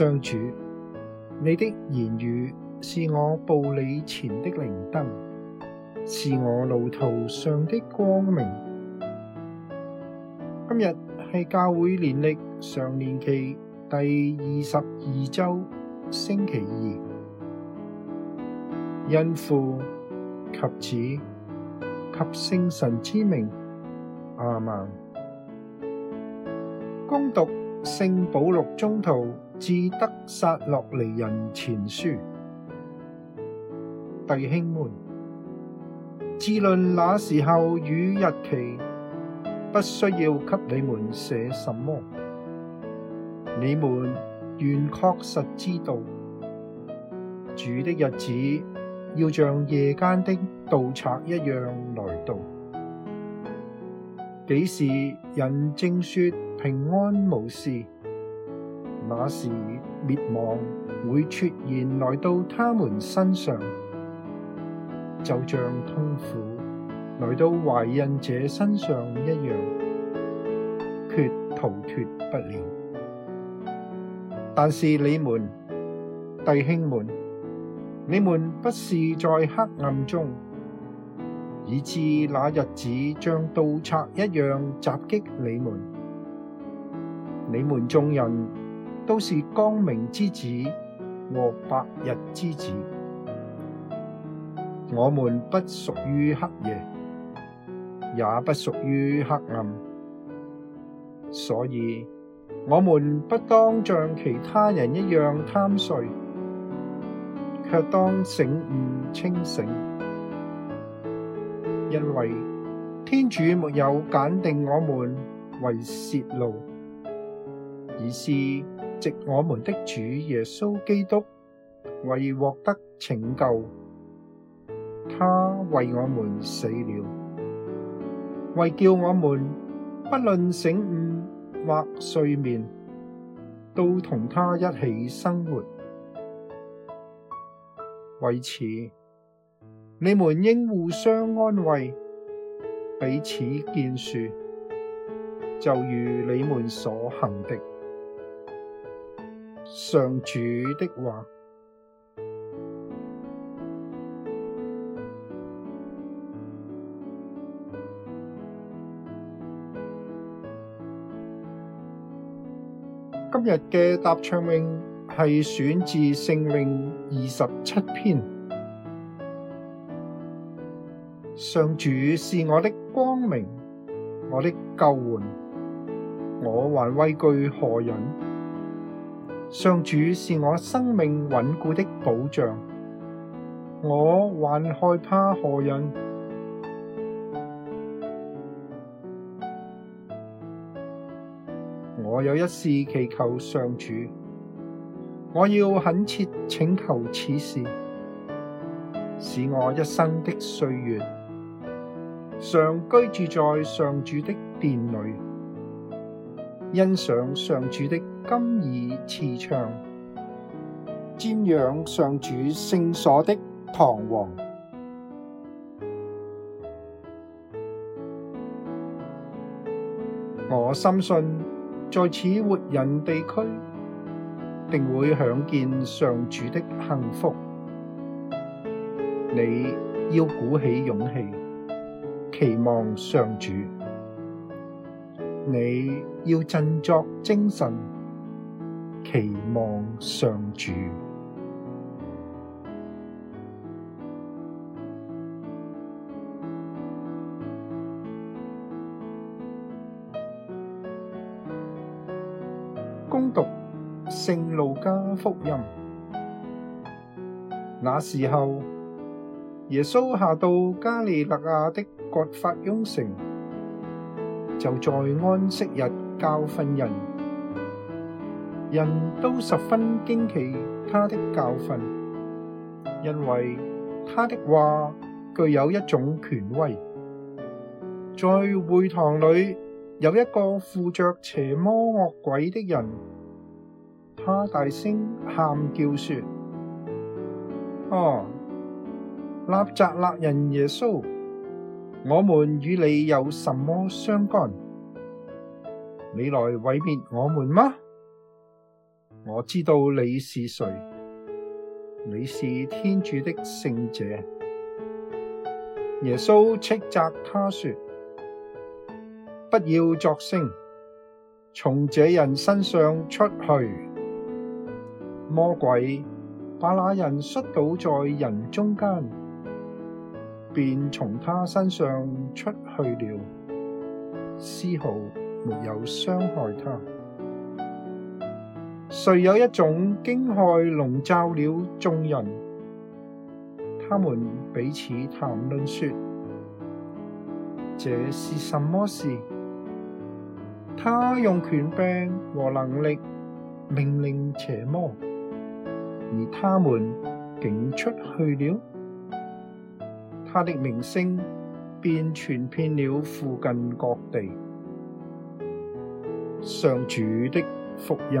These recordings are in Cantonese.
上主，你的言語是我步履前的靈燈，是我路途上的光明。今日係教會年曆常年期第二十二周星期二，因父及子及聖神之名阿們。恭讀聖保祿宗徒致得撒洛尼人前書，弟兄們，至論那時候與日期，不需要給你們寫什麼。你們原確實知道主的日子要像夜間的盜賊一樣來到。幾時人正說平安無事，那時滅亡會猝然來到他們身上，就像痛苦來到懷孕者身上一樣，決逃脫不了。但是你們弟兄們，你們不是在黑暗中，以致那日子像盜賊一樣襲擊你們，你們眾人。都是光明之子和白日之子，我們不屬於黑夜，也不屬於黑暗，所以我們不當像其他人一樣貪睡，卻當醒寤清醒，因為天主沒有揀定我們為洩怒，而是。藉我們的主耶穌基督為獲得拯救，他為我們死了，為叫我們不論醒寤或睡眠，都同他一起生活。為此，你們應互相安慰，彼此建樹，就如你們所行的。上主的話。今日嘅答唱詠係選自聖詠二十七篇。上主是我的光明，我的救援，我還畏懼何人？上主是我生命穩固的保障，我還害怕何人？我有一事祈求上主，我要懇切請求此事，使我一生的歲月常居住在上主的殿裏，欣賞上主的甘飴慈祥，瞻仰上主聖所的堂皇。我深信在此活人地區，定會享見上主的幸福。你要鼓起勇氣，期望上主。你要振作精神。期望上主。恭讀聖路加福音。那時候，耶穌下到加里肋亞的葛法翁城，就在安息日教訓人。人都十分驚奇他的教訓，因為他的話具有一種權威。在會堂裏有一個附着邪魔惡鬼的人，他大聲喊叫說：哦、啊，納匝肋人耶穌，我們與你有什麼相干？你來毀滅我們嗎？我知道你是誰，你是天主的聖者。耶穌斥責他說：不要作聲，從這人身上出去。魔鬼把那人摔倒在人中間，便從他身上出去了，絲毫沒有傷害他。遂有一種驚駭籠罩了眾人，他們彼此談論說：這是什麼事？他用權柄和能力命令邪魔，而他們竟出去了。他的名聲便傳遍了附近各地。上主的福音。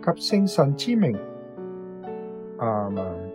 及聖神之名，阿、um、門。